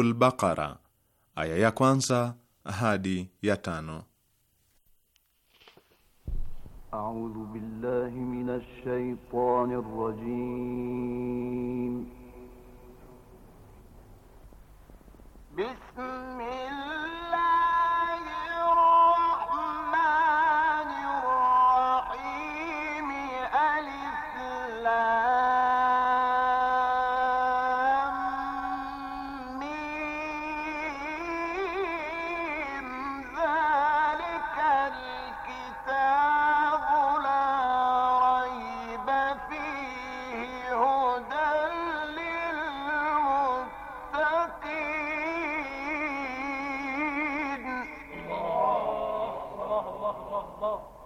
Suratul Baqara aya ya kwanza hadi ya tano. A'udhu billahi minash shaitanir rajim. Bismillah w e l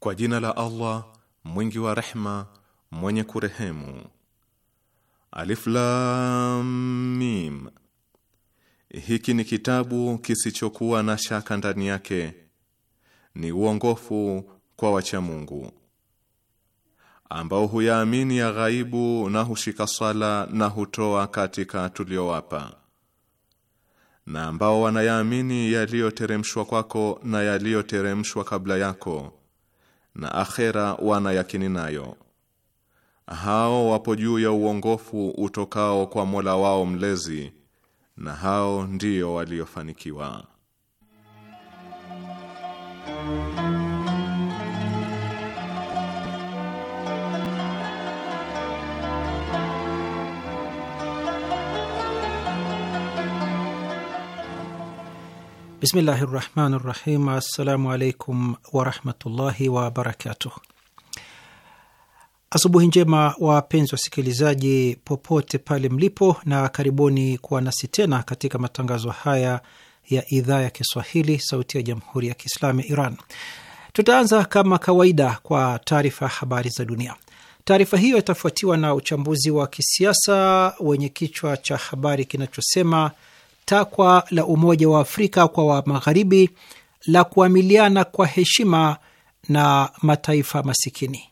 Kwa jina la Allah mwingi wa rehma mwenye kurehemu. Alif Lam Mim. Hiki ni kitabu kisichokuwa na shaka ndani yake, ni uongofu kwa wacha Mungu ambao huyaamini ya ghaibu na hushika sala na hutoa katika tuliowapa na ambao wanayaamini yaliyoteremshwa kwako na yaliyoteremshwa kabla yako na akhera wanayakini nayo. Hao wapo juu ya uongofu utokao kwa Mola wao mlezi na hao ndio waliofanikiwa. Bismillahi rahmani rahim. Assalamu alaikum warahmatullahi wabarakatuh. Asubuhi njema wapenzi wasikilizaji popote pale mlipo, na karibuni kuwa nasi tena katika matangazo haya ya idhaa ya Kiswahili sauti ya jamhuri ya Kiislamu ya Iran. Tutaanza kama kawaida kwa taarifa ya habari za dunia. Taarifa hiyo itafuatiwa na uchambuzi wa kisiasa wenye kichwa cha habari kinachosema takwa la Umoja wa Afrika kwa wa magharibi la kuamiliana kwa heshima na mataifa masikini.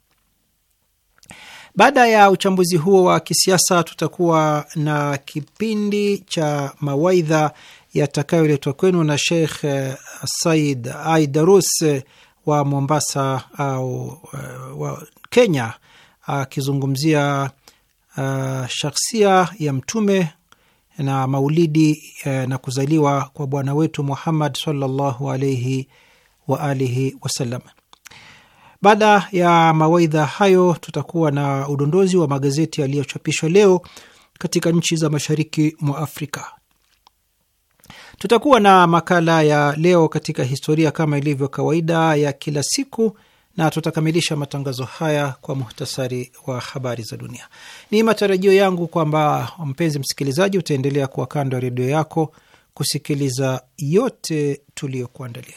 Baada ya uchambuzi huo wa kisiasa, tutakuwa na kipindi cha mawaidha yatakayoletwa kwenu na Sheikh eh, Said Aidarus eh, wa Mombasa au eh, wa Kenya akizungumzia uh, shakhsia ya Mtume na maulidi eh, na kuzaliwa kwa bwana wetu Muhammad sallallahu alaihi wa alihi wasallam. Baada ya mawaidha hayo, tutakuwa na udondozi wa magazeti yaliyochapishwa leo katika nchi za mashariki mwa Afrika. Tutakuwa na makala ya leo katika historia kama ilivyo kawaida ya kila siku na tutakamilisha matangazo haya kwa muhtasari wa habari za dunia. Ni matarajio yangu kwamba mpenzi msikilizaji, utaendelea kuwa kando ya redio yako kusikiliza yote tuliyokuandalia.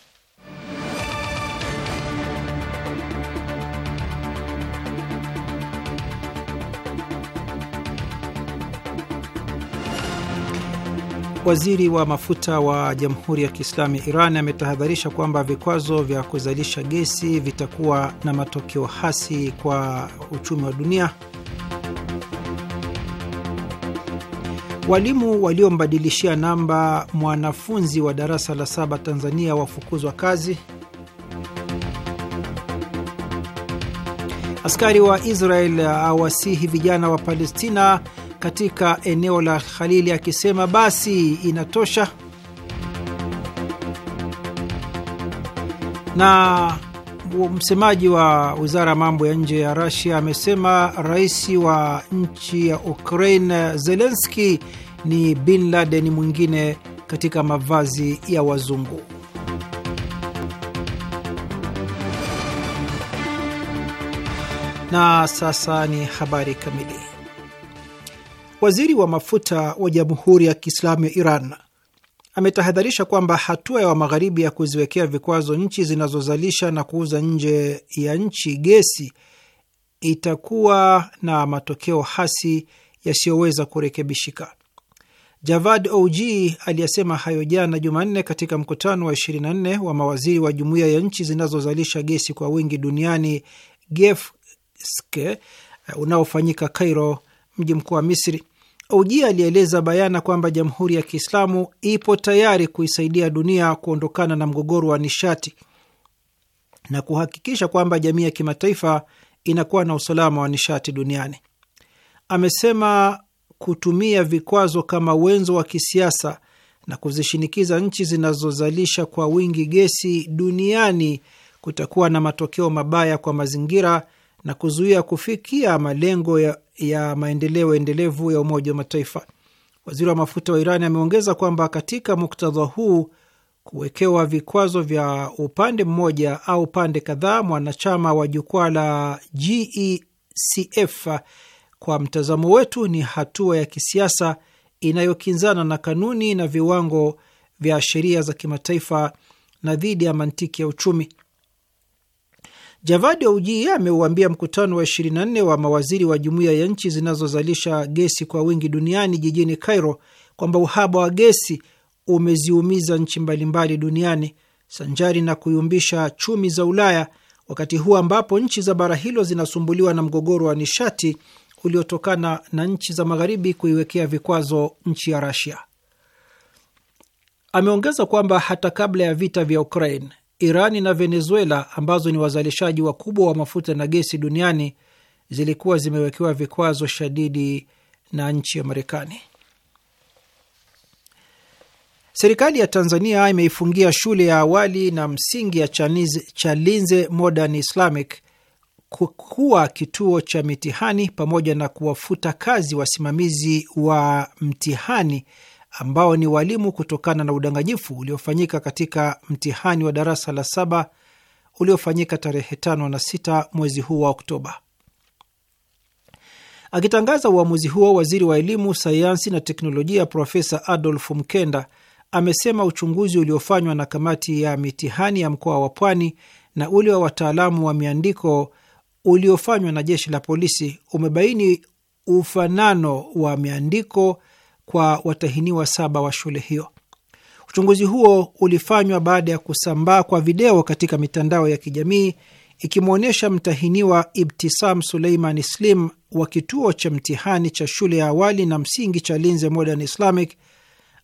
Waziri wa mafuta wa Jamhuri ya Kiislamu ya Iran ametahadharisha kwamba vikwazo vya kuzalisha gesi vitakuwa na matokeo hasi kwa uchumi wa dunia. Walimu waliombadilishia namba mwanafunzi wa darasa la saba Tanzania wafukuzwa kazi. Askari wa Israel awasihi vijana wa Palestina katika eneo la Khalili akisema basi inatosha, na msemaji wa wizara ya mambo ya nje ya Rasia amesema rais wa nchi ya Ukraine Zelenski ni bin Laden mwingine katika mavazi ya wazungu. Na sasa ni habari kamili. Waziri wa mafuta wa Jamhuri ya Kiislamu ya Iran ametahadharisha kwamba hatua ya Wamagharibi magharibi ya kuziwekea vikwazo nchi zinazozalisha na kuuza nje ya nchi gesi itakuwa na matokeo hasi yasiyoweza kurekebishika. Javad OG aliyasema hayo jana Jumanne katika mkutano wa 24 wa mawaziri wa jumuiya ya nchi zinazozalisha gesi kwa wingi duniani gefske unaofanyika Cairo, mji mkuu wa Misri. Oji alieleza bayana kwamba Jamhuri ya Kiislamu ipo tayari kuisaidia dunia kuondokana na mgogoro wa nishati na kuhakikisha kwamba jamii ya kimataifa inakuwa na usalama wa nishati duniani. Amesema kutumia vikwazo kama wenzo wa kisiasa na kuzishinikiza nchi zinazozalisha kwa wingi gesi duniani kutakuwa na matokeo mabaya kwa mazingira na kuzuia kufikia malengo ya ya maendeleo endelevu ya Umoja wa Mataifa. Waziri wa mafuta wa Iran ameongeza kwamba katika muktadha huu, kuwekewa vikwazo vya upande mmoja au pande kadhaa mwanachama wa jukwaa la GECF kwa mtazamo wetu ni hatua ya kisiasa inayokinzana na kanuni na viwango vya sheria za kimataifa na dhidi ya mantiki ya uchumi javadi Ouji ameuambia mkutano wa 24 wa mawaziri wa jumuiya ya nchi zinazozalisha gesi kwa wingi duniani jijini Cairo kwamba uhaba wa gesi umeziumiza nchi mbalimbali duniani sanjari na kuyumbisha chumi za Ulaya, wakati huu ambapo nchi za bara hilo zinasumbuliwa na mgogoro wa nishati uliotokana na nchi za magharibi kuiwekea vikwazo nchi ya Rasia. Ameongeza kwamba hata kabla ya vita vya Ukraine Irani na Venezuela ambazo ni wazalishaji wakubwa wa mafuta na gesi duniani zilikuwa zimewekewa vikwazo shadidi na nchi ya Marekani. Serikali ya Tanzania imeifungia shule ya awali na msingi ya Chalinze Modern Islamic kuwa kituo cha mitihani pamoja na kuwafuta kazi wasimamizi wa mtihani ambao ni walimu kutokana na udanganyifu uliofanyika katika mtihani wa darasa la saba uliofanyika tarehe tano na sita mwezi huu wa Oktoba. Akitangaza uamuzi huo, waziri wa elimu, sayansi na teknolojia Profesa Adolf Mkenda amesema uchunguzi uliofanywa na kamati ya mitihani ya mkoa wa Pwani na ule wa wataalamu wa miandiko uliofanywa na jeshi la polisi umebaini ufanano wa miandiko kwa watahiniwa saba wa shule hiyo. Uchunguzi huo ulifanywa baada ya kusambaa kwa video katika mitandao ya kijamii ikimwonyesha mtahiniwa Ibtisam Suleiman Slim wa kituo cha mtihani cha shule ya awali na msingi cha Linze Modern Islamic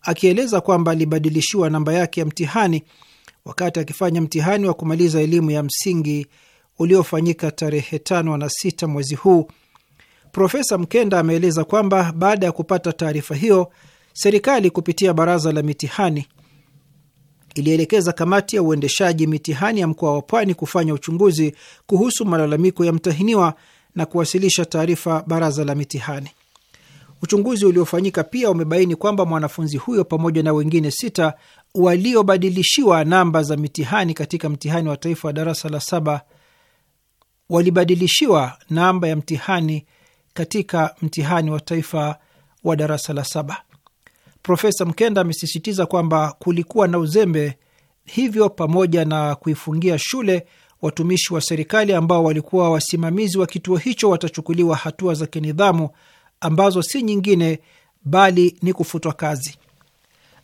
akieleza kwamba alibadilishiwa namba yake ya mtihani wakati akifanya mtihani wa kumaliza elimu ya msingi uliofanyika tarehe tano na sita mwezi huu Profesa Mkenda ameeleza kwamba baada ya kupata taarifa hiyo, serikali kupitia baraza la mitihani ilielekeza kamati ya uendeshaji mitihani ya mkoa wa Pwani kufanya uchunguzi kuhusu malalamiko ya mtahiniwa na kuwasilisha taarifa baraza la mitihani. Uchunguzi uliofanyika pia umebaini kwamba mwanafunzi huyo pamoja na wengine sita waliobadilishiwa namba za mitihani katika mtihani wa taifa wa darasa la saba walibadilishiwa namba ya mtihani katika mtihani wa taifa wa darasa la saba. Profesa Mkenda amesisitiza kwamba kulikuwa na uzembe, hivyo pamoja na kuifungia shule, watumishi wa serikali ambao walikuwa wasimamizi wa kituo hicho watachukuliwa hatua za kinidhamu ambazo si nyingine bali ni kufutwa kazi.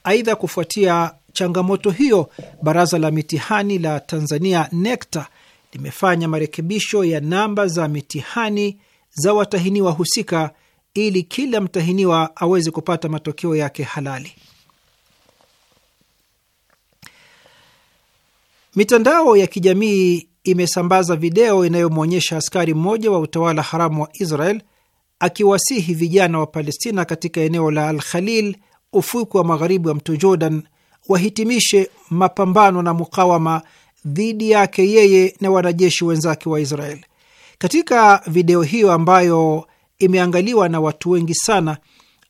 Aidha, kufuatia changamoto hiyo, baraza la mitihani la Tanzania NECTA limefanya marekebisho ya namba za mitihani za watahiniwa husika ili kila mtahiniwa aweze kupata matokeo yake halali. Mitandao ya kijamii imesambaza video inayomwonyesha askari mmoja wa utawala haramu wa Israel akiwasihi vijana wa Palestina katika eneo la Al Khalil, ufuku wa magharibi wa mto Jordan, wahitimishe mapambano na mukawama dhidi yake yeye na wanajeshi wenzake wa Israel katika video hiyo ambayo imeangaliwa na watu wengi sana,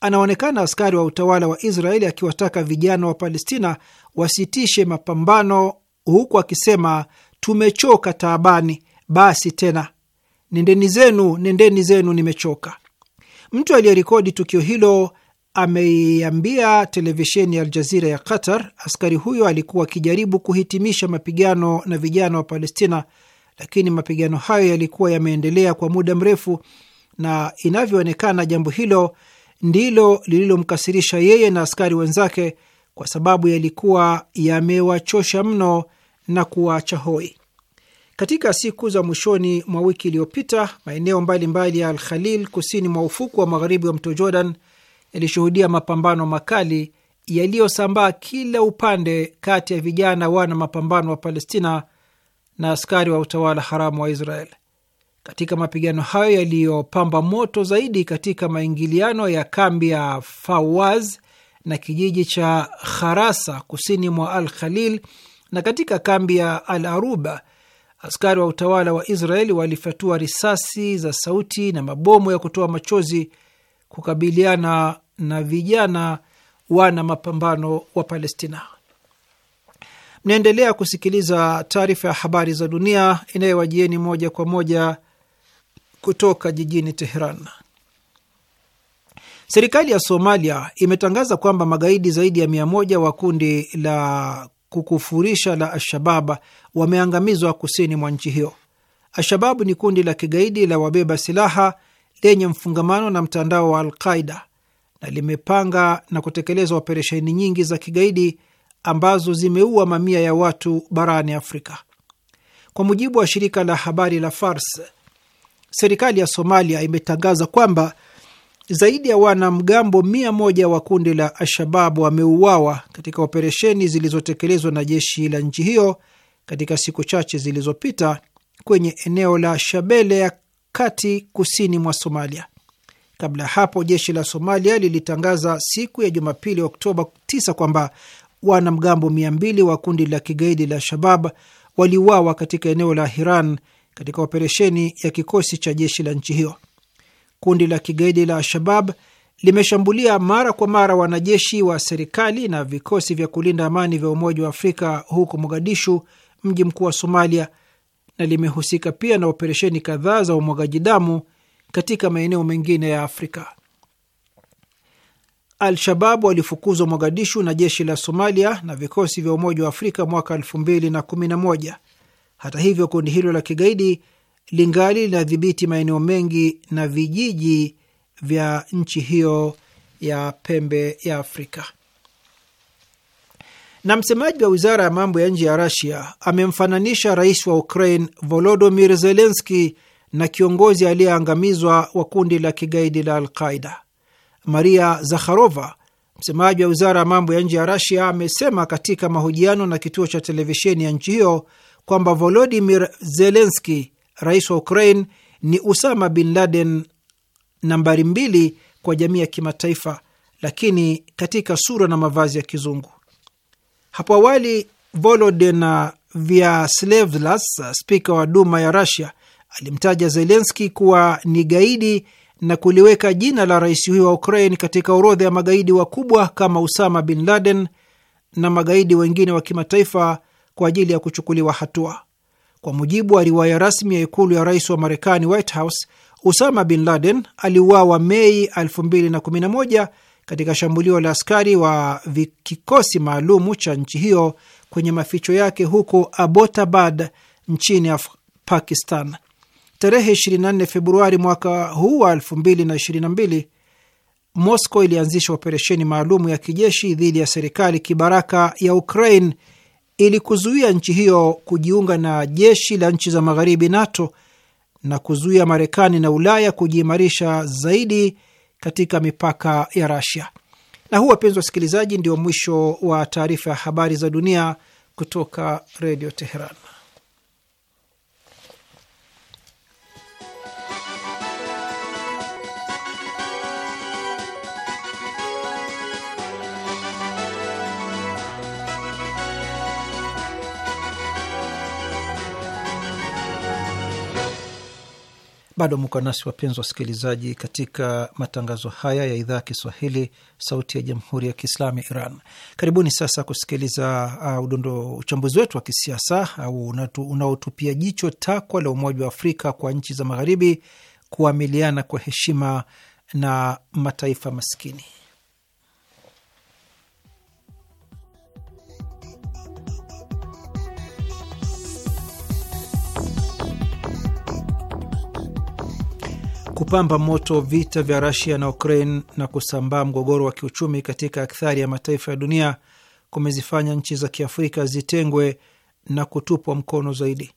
anaonekana askari wa utawala wa Israeli akiwataka vijana wa Palestina wasitishe mapambano, huku akisema tumechoka taabani, basi tena nendeni zenu, nendeni zenu, nimechoka. Mtu aliyerekodi tukio hilo ameiambia televisheni ya Aljazira ya Qatar askari huyo alikuwa akijaribu kuhitimisha mapigano na vijana wa Palestina lakini mapigano hayo yalikuwa yameendelea kwa muda mrefu, na inavyoonekana jambo hilo ndilo lililomkasirisha yeye na askari wenzake, kwa sababu yalikuwa yamewachosha mno na kuwaacha hoi. Katika siku za mwishoni mwa wiki iliyopita, maeneo mbalimbali ya alkhalil kusini mwa ufuku wa magharibi wa mto Jordan yalishuhudia mapambano makali yaliyosambaa kila upande kati ya vijana wana mapambano wa Palestina na askari wa utawala haramu wa Israel. Katika mapigano hayo yaliyopamba moto zaidi katika maingiliano ya kambi ya Fawaz na kijiji cha Kharasa kusini mwa Al Khalil na katika kambi ya Al Aruba, askari wa utawala wa Israeli walifyatua risasi za sauti na mabomu ya kutoa machozi kukabiliana na vijana wana mapambano wa Palestina. Mnaendelea kusikiliza taarifa ya habari za dunia inayowajieni moja kwa moja kutoka jijini Teheran. Serikali ya Somalia imetangaza kwamba magaidi zaidi ya mia moja wa kundi la kukufurisha la Alshabab wameangamizwa kusini mwa nchi hiyo. Alshabab ni kundi la kigaidi la wabeba silaha lenye mfungamano na mtandao wa Alqaida na limepanga na kutekeleza operesheni nyingi za kigaidi ambazo zimeua mamia ya watu barani Afrika. Kwa mujibu wa shirika la habari la Fars, serikali ya Somalia imetangaza kwamba zaidi ya wanamgambo mia moja wa kundi la Alshababu wameuawa katika operesheni zilizotekelezwa na jeshi la nchi hiyo katika siku chache zilizopita kwenye eneo la Shabele ya kati kusini mwa Somalia. Kabla ya hapo jeshi la Somalia lilitangaza siku ya Jumapili Oktoba 9 kwamba wanamgambo 200 wa kundi la kigaidi la Shabab waliuawa katika eneo la Hiran katika operesheni ya kikosi cha jeshi la nchi hiyo. Kundi la kigaidi la Shabab limeshambulia mara kwa mara wanajeshi wa serikali na vikosi vya kulinda amani vya Umoja wa Afrika huko Mogadishu, mji mkuu wa Somalia, na limehusika pia na operesheni kadhaa za umwagaji damu katika maeneo mengine ya Afrika. Al-Shababu walifukuzwa Mogadishu na jeshi la Somalia na vikosi vya Umoja wa Afrika mwaka 2011. Hata hivyo, kundi hilo la kigaidi lingali linadhibiti maeneo mengi na vijiji vya nchi hiyo ya pembe ya Afrika. Na msemaji wa wizara ya mambo ya nje ya Rasia amemfananisha rais wa Ukraine Volodomir zelenski na kiongozi aliyeangamizwa wa kundi la kigaidi la Alqaida. Maria Zakharova, msemaji wa wizara ya mambo ya nje ya Rasia, amesema katika mahojiano na kituo cha televisheni ya nchi hiyo kwamba Volodimir Zelenski, rais wa Ukraine, ni Usama bin Laden nambari mbili kwa jamii ya kimataifa, lakini katika sura na mavazi ya kizungu. Hapo awali Volodin Vyaslevlas, spika wa Duma ya Rasia, alimtaja Zelenski kuwa ni gaidi na kuliweka jina la rais huyo wa Ukraine katika orodha ya magaidi wakubwa kama Usama bin Laden na magaidi wengine wa kimataifa kwa ajili ya kuchukuliwa hatua. Kwa mujibu wa riwaya rasmi ya ikulu ya rais wa Marekani, White House, Usama bin Laden aliuawa Mei 2011 katika shambulio la askari wa kikosi maalumu cha nchi hiyo kwenye maficho yake huko abotabad nchini Pakistan. Tarehe 24 Februari mwaka huu wa 2022 Moscow ilianzisha operesheni maalum ya kijeshi dhidi ya serikali kibaraka ya Ukraine ili kuzuia nchi hiyo kujiunga na jeshi la nchi za magharibi NATO na kuzuia Marekani na Ulaya kujiimarisha zaidi katika mipaka ya Russia. Na huu, wapenzi wasikilizaji, ndio mwisho wa taarifa ya habari za dunia kutoka Redio Teheran. Bado mko nasi wapenzi wasikilizaji, katika matangazo haya ya idhaa ya Kiswahili, sauti ya jamhuri ya kiislamu ya Iran. Karibuni sasa kusikiliza uh, udondo uchambuzi wetu wa kisiasa uh, unaotupia jicho takwa la Umoja wa Afrika kwa nchi za magharibi kuamiliana kwa heshima na mataifa maskini. kupamba moto vita vya Rusia na Ukraine na kusambaa mgogoro wa kiuchumi katika akthari ya mataifa ya dunia kumezifanya nchi za Kiafrika zitengwe na kutupwa mkono zaidi.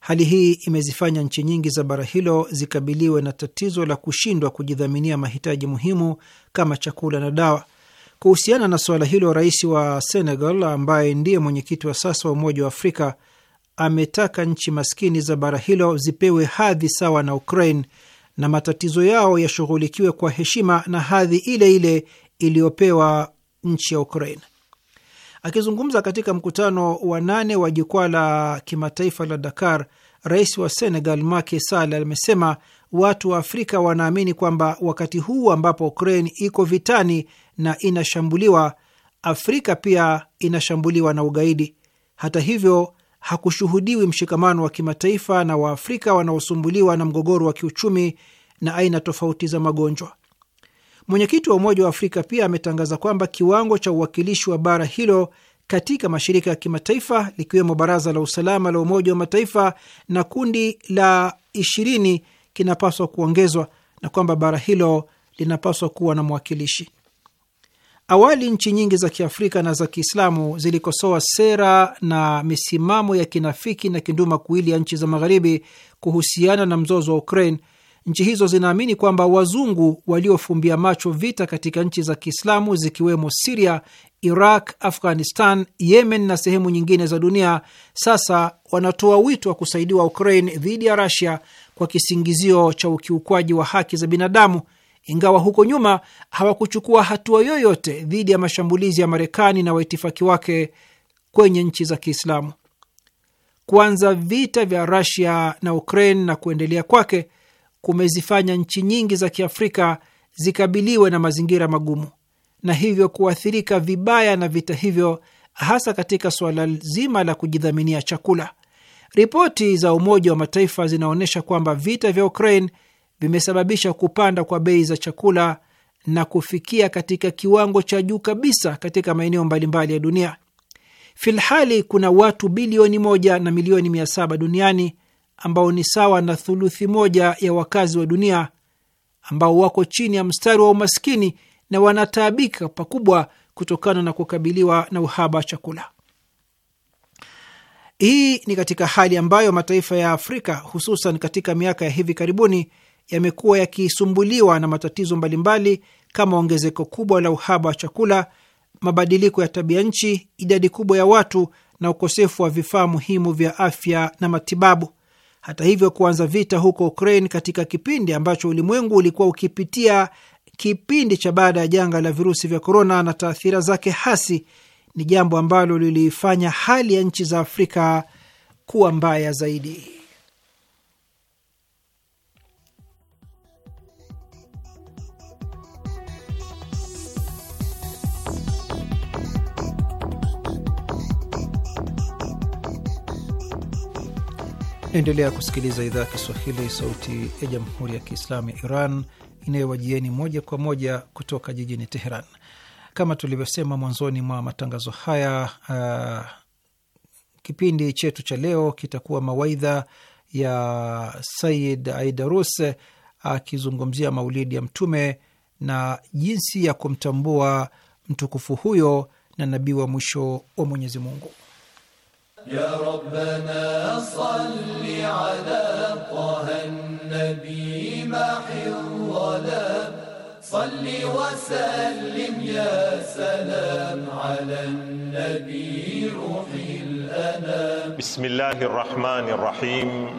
Hali hii imezifanya nchi nyingi za bara hilo zikabiliwe na tatizo la kushindwa kujidhaminia mahitaji muhimu kama chakula na dawa. Kuhusiana na suala hilo, rais wa Senegal ambaye ndiye mwenyekiti wa sasa wa Umoja wa Afrika ametaka nchi maskini za bara hilo zipewe hadhi sawa na Ukraine na matatizo yao yashughulikiwe kwa heshima na hadhi ile ile iliyopewa nchi ya Ukraine. Akizungumza katika mkutano wa nane wa jukwaa la kimataifa la Dakar, rais wa Senegal Macky Sall amesema watu wa Afrika wanaamini kwamba wakati huu ambapo Ukraine iko vitani na inashambuliwa, Afrika pia inashambuliwa na ugaidi. Hata hivyo hakushuhudiwi mshikamano wa kimataifa na Waafrika wanaosumbuliwa na mgogoro wa kiuchumi na aina tofauti za magonjwa. Mwenyekiti wa Umoja wa Afrika pia ametangaza kwamba kiwango cha uwakilishi wa bara hilo katika mashirika ya kimataifa likiwemo Baraza la Usalama la Umoja wa Mataifa na kundi la ishirini kinapaswa kuongezwa na kwamba bara hilo linapaswa kuwa na mwakilishi. Awali nchi nyingi za Kiafrika na za Kiislamu zilikosoa sera na misimamo ya kinafiki na kinduma kuili ya nchi za Magharibi kuhusiana na mzozo wa Ukraine. Nchi hizo zinaamini kwamba wazungu waliofumbia macho vita katika nchi za Kiislamu zikiwemo Siria, Iraq, Afghanistan, Yemen na sehemu nyingine za dunia sasa wanatoa wito wa kusaidiwa Ukraine dhidi ya rasia kwa kisingizio cha ukiukwaji wa haki za binadamu ingawa huko nyuma hawakuchukua hatua yoyote dhidi ya mashambulizi ya Marekani na waitifaki wake kwenye nchi za Kiislamu. Kuanza vita vya rasia na Ukraine na kuendelea kwake kumezifanya nchi nyingi za Kiafrika zikabiliwe na mazingira magumu na hivyo kuathirika vibaya na vita hivyo, hasa katika suala zima la kujidhaminia chakula. Ripoti za Umoja wa Mataifa zinaonyesha kwamba vita vya Ukraine vimesababisha kupanda kwa bei za chakula na kufikia katika kiwango cha juu kabisa katika maeneo mbalimbali ya dunia. Filhali kuna watu bilioni moja na milioni mia saba duniani ambao ni sawa na thuluthi moja ya wakazi wa dunia ambao wako chini ya mstari wa umaskini na wanataabika pakubwa kutokana na kukabiliwa na uhaba wa chakula. Hii ni katika hali ambayo mataifa ya Afrika hususan katika miaka ya hivi karibuni yamekuwa yakisumbuliwa na matatizo mbalimbali kama ongezeko kubwa la uhaba wa chakula, mabadiliko ya tabia nchi, idadi kubwa ya watu na ukosefu wa vifaa muhimu vya afya na matibabu. Hata hivyo, kuanza vita huko Ukraine katika kipindi ambacho ulimwengu ulikuwa ukipitia kipindi cha baada ya janga la virusi vya korona na taathira zake hasi ni jambo ambalo liliifanya hali ya nchi za Afrika kuwa mbaya zaidi. Naendelea kusikiliza idhaa ya Kiswahili, sauti ya jamhuri ya kiislamu ya Iran inayowajieni moja kwa moja kutoka jijini Teheran. Kama tulivyosema mwanzoni mwa matangazo haya, uh, kipindi chetu cha leo kitakuwa mawaidha ya Sayid Aidarus akizungumzia uh, maulidi ya Mtume na jinsi ya kumtambua mtukufu huyo na nabii wa mwisho wa Mwenyezi Mungu. يا ربنا صل على طه النبي محي الظلام صل وسلم يا سلام على النبي روح الأنام بسم الله الرحمن الرحيم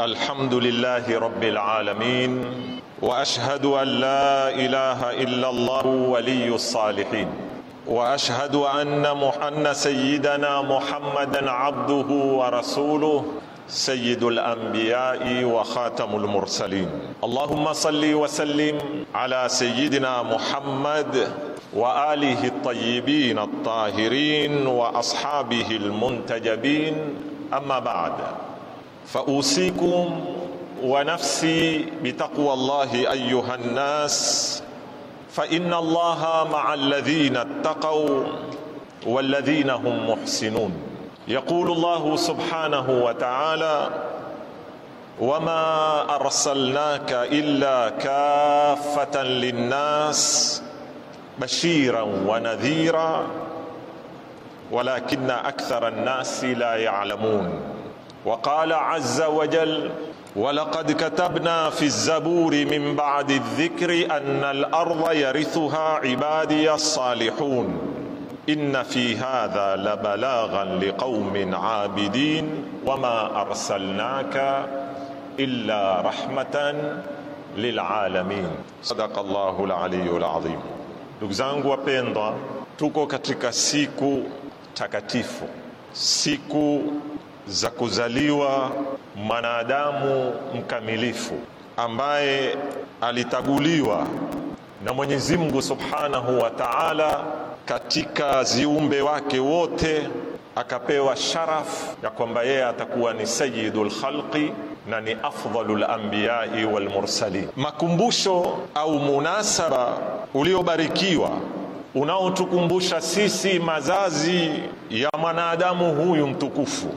الحمد لله رب العالمين وأشهد أن لا إله إلا الله ولي الصالحين واشهد ان ان سيدنا محمدا عبده ورسوله سيد الانبياء وخاتم المرسلين اللهم صل وسلم على سيدنا محمد واله الطيبين الطاهرين واصحابه المنتجبين اما بعد فاوصيكم ونفسي بتقوى الله ايها الناس فان الله مع الذين اتقوا والذين هم محسنون يقول الله سبحانه وتعالى وما ارسلناك الا كافه للناس بشيرا ونذيرا ولكن اكثر الناس لا يعلمون وقال عز وجل walaqad katabna fi zaburi min ba'di dhikri anna al-ardha yarithuha ibadiya salihun inna fi hadha la balaghan liqaumin abidin wama arsalnaka illa rahmatan lilalamin. Sadakallahu laliyul azim. Ndugu zangu wapendwa, tuko katika siku takatifu, siku za kuzaliwa mwanadamu mkamilifu ambaye alitaguliwa na Mwenyezi Mungu Subhanahu wa Ta'ala katika ziumbe wake wote, akapewa sharaf ya kwamba yeye atakuwa ni sayyidul khalqi na ni afdhalul anbiyai wal mursalin. Makumbusho au munasaba uliobarikiwa unaotukumbusha sisi mazazi ya mwanadamu huyu mtukufu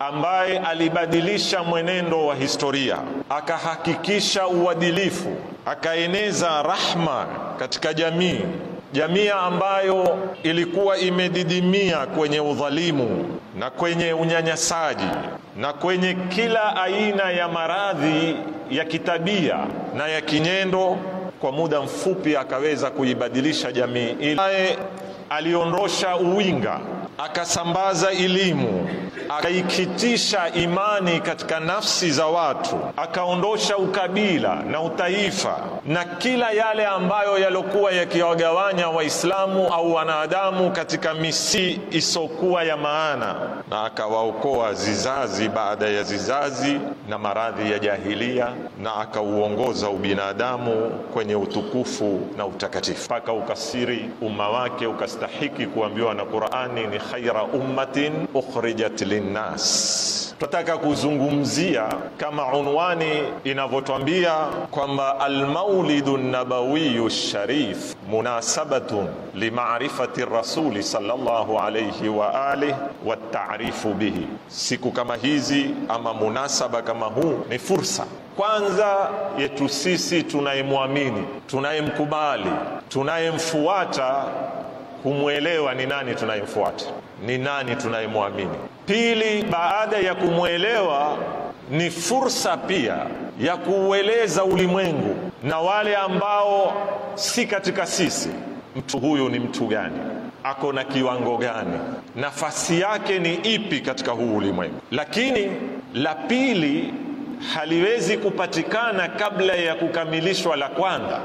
ambaye alibadilisha mwenendo wa historia, akahakikisha uadilifu, akaeneza rahma katika jamii, jamii ambayo ilikuwa imedidimia kwenye udhalimu na kwenye unyanyasaji na kwenye kila aina ya maradhi ya kitabia na ya kinyendo. Kwa muda mfupi akaweza kuibadilisha jamii ile, aliondosha uwinga akasambaza elimu, akaikitisha imani katika nafsi za watu, akaondosha ukabila na utaifa na kila yale ambayo yalokuwa yakiwagawanya Waislamu au wanadamu katika misi isokuwa ya maana, na akawaokoa zizazi baada ya zizazi na maradhi ya jahilia, na akauongoza ubinadamu kwenye utukufu na utakatifu mpaka ukasiri umma wake ukastahiki kuambiwa na Qur'ani ni khaira ummatin ukhrijat linnas. Tunataka kuzungumzia kama unwani inavyotwambia kwamba almaulidu nabawiyu sharif munasabatun limarifati rasuli sallallahu alayhi wa alihi ta'rifu bihi. Siku kama hizi ama munasaba kama huu ni fursa kwanza yetu sisi tunayemwamini, tunayemkubali, tunayemfuata kumwelewa ni nani tunayemfuata, ni nani tunayemwamini. Pili, baada ya kumwelewa ni fursa pia ya kuueleza ulimwengu na wale ambao si katika sisi, mtu huyu ni mtu gani, ako na kiwango gani, nafasi yake ni ipi katika huu ulimwengu. Lakini la pili haliwezi kupatikana kabla ya kukamilishwa la kwanza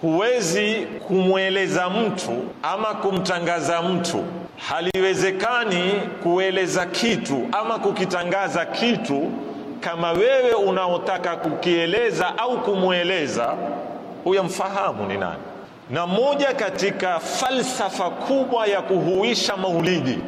huwezi kumweleza mtu ama kumtangaza mtu haliwezekani kueleza kitu ama kukitangaza kitu kama wewe unaotaka kukieleza au kumweleza huyamfahamu ni nani. Na moja katika falsafa kubwa ya kuhuisha maulidi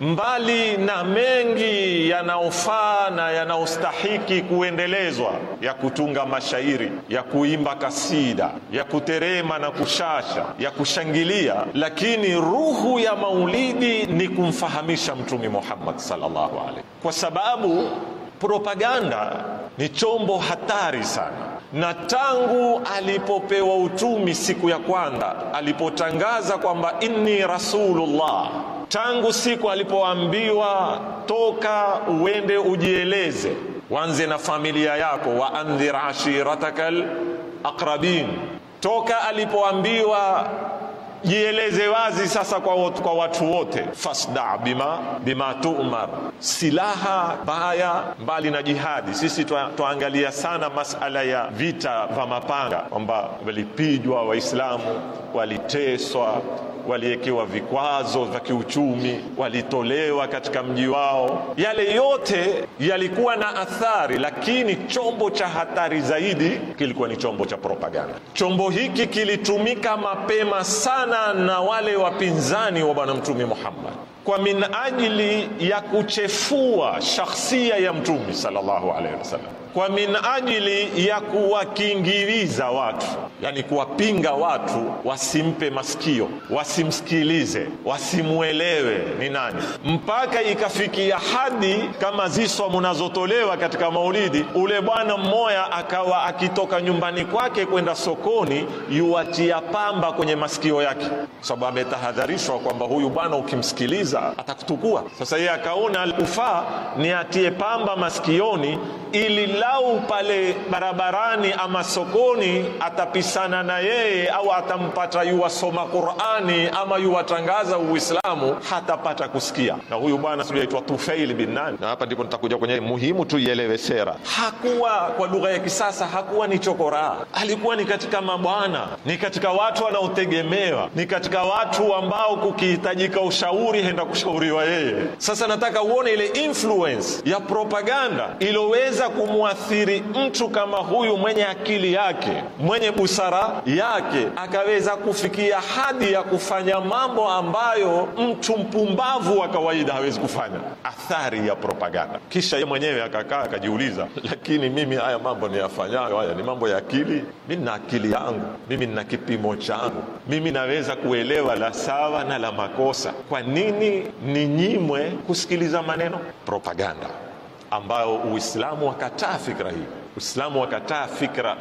mbali na mengi yanayofaa na yanayostahiki kuendelezwa ya kutunga mashairi, ya kuimba kasida, ya kuterema na kushasha, ya kushangilia, lakini ruhu ya maulidi ni kumfahamisha Mtume Muhammad sallallahu alaihi, kwa sababu propaganda ni chombo hatari sana na tangu alipopewa utumi siku ya kwanza alipotangaza kwamba inni rasulullah tangu siku alipoambiwa toka uende ujieleze, wanze na familia yako, wa andhir ashiratakal aqrabin, toka alipoambiwa jieleze wazi sasa kwa watu, kwa watu wote. fasda bima, bima tumar, silaha baya mbali na jihadi. Sisi twaangalia sana masala ya vita vya mapanga, kwamba walipijwa Waislamu, waliteswa waliekewa vikwazo vya kiuchumi, walitolewa katika mji wao. Yale yote yalikuwa na athari, lakini chombo cha hatari zaidi kilikuwa ni chombo cha propaganda. Chombo hiki kilitumika mapema sana na wale wapinzani wa Bwana Mtume Muhammad kwa min ajili ya kuchefua shakhsia ya Mtume sallallahu alaihi wasallam kwa min ajili ya kuwakingiliza watu, yani kuwapinga watu wasimpe masikio, wasimsikilize, wasimwelewe ni nani, mpaka ikafikia hadi kama ziswa munazotolewa katika maulidi. Ule bwana mmoya akawa akitoka nyumbani kwake kwenda sokoni, yuwatia pamba kwenye masikio yake, kwa sababu ametahadharishwa kwamba huyu bwana ukimsikiliza atakutukua. Sasa yeye akaona ufaa ni atie pamba masikioni ili lau pale barabarani ama sokoni atapisana na yeye au atampata yuwasoma Qur'ani ama yuwatangaza Uislamu, hatapata kusikia. Na huyu bwana sijui aitwa Tufail bin nani, na hapa ndipo nitakuja kwenye muhimu tu ielewe sera. Hakuwa kwa lugha ya kisasa, hakuwa ni chokoraa, alikuwa ni katika mabwana, ni katika watu wanaotegemewa, ni katika watu ambao kukihitajika ushauri henda kushauriwa yeye. Sasa nataka uone ile influence ya propaganda iloweza kumwa kumwathiri mtu kama huyu mwenye akili yake mwenye busara yake akaweza kufikia hadi ya kufanya mambo ambayo mtu mpumbavu wa kawaida hawezi kufanya, athari ya propaganda. Kisha ye mwenyewe akakaa akajiuliza, lakini mimi haya mambo niyafanyayo haya ni mambo ya akili? Mimi na akili yangu, mimi nina kipimo changu, mimi naweza kuelewa la sawa na la makosa. Kwa nini ninyimwe kusikiliza maneno propaganda? ambayo Uislamu wakataa fikra hii. Uislamu wakataa fikra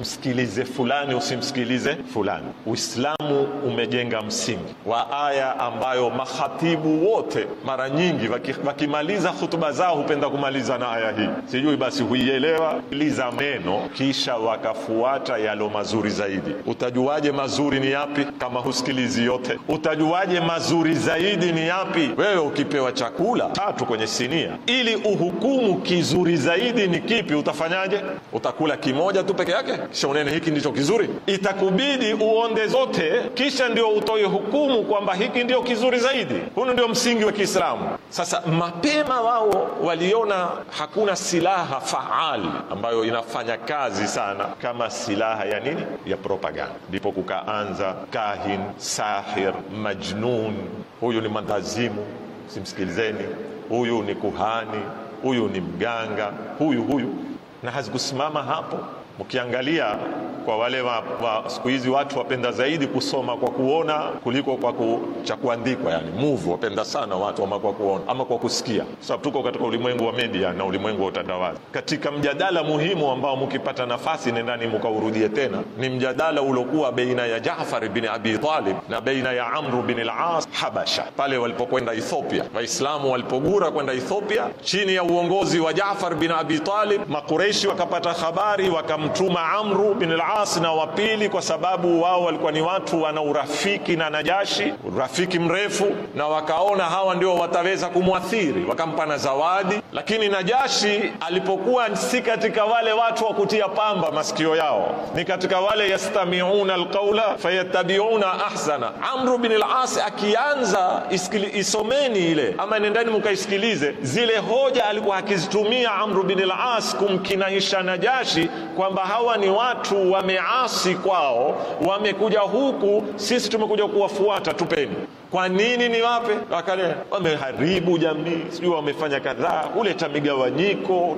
msikilize fulani usimsikilize fulani. Uislamu umejenga msingi wa aya ambayo mahatibu wote mara nyingi wakimaliza hutuba zao hupenda kumaliza na aya hii, sijui basi huielewa liza meno, kisha wakafuata yalo mazuri zaidi. Utajuaje mazuri ni yapi kama husikilizi yote? Utajuaje mazuri zaidi ni yapi? Wewe ukipewa chakula tatu kwenye sinia ili uhukumu kizuri zaidi ni kipi utafanya utafanyaje? Utakula kimoja tu peke yake, kisha unene hiki ndicho kizuri? Itakubidi uonde zote, kisha ndio utoe hukumu kwamba hiki ndio kizuri zaidi. Huu ndio msingi wa Kiislamu. Sasa mapema wao waliona hakuna silaha faali ambayo inafanya kazi sana kama silaha ya nini, ya propaganda. Ndipo kukaanza kahin, sahir, majnun, huyu ni mandazimu, simsikilizeni. Huyu ni kuhani, huyu ni mganga, huyu huyu na hazikusimama hapo mkiangalia kwa wale wa, wa siku hizi watu wapenda zaidi kusoma kwa kuona kuliko kwa ku, cha kuandikwa, yani move wapenda sana watu, ama kwa kuona ama kwa kusikia, kwa sababu tuko katika ulimwengu wa media na ulimwengu wa utandawazi. Katika mjadala muhimu ambao mkipata nafasi nendani mkaurudie tena, ni mjadala uliokuwa baina ya Jaafar bin Abi Talib na baina ya Amr bin al-As Habasha, pale walipokwenda Ethiopia, Waislamu walipogura kwenda Ethiopia chini ya uongozi wa Jaafar bin Abi Talib, makureishi wakapata habari waka mtuma Amru bin al-As na wa pili, kwa sababu wao walikuwa ni watu wana urafiki na Najashi, urafiki mrefu, na wakaona hawa ndio wataweza kumwathiri, wakampa na zawadi. Lakini Najashi alipokuwa si katika wale watu wa kutia pamba masikio yao, ni katika wale yastamiuna alqaula fayattabiuna ahsana. Amru bin al-As akianza iskili, isomeni ile ama nendani mkaisikilize zile hoja alikuwa akizitumia Amru bin al-As kumkinaisha Najashi kwa kwamba hawa ni watu wameasi kwao, wamekuja huku, sisi tumekuja kuwafuata, tupeni. Kwa nini niwape? Wakale wameharibu jamii, sijui wamefanya kadhaa, kuleta migawanyiko.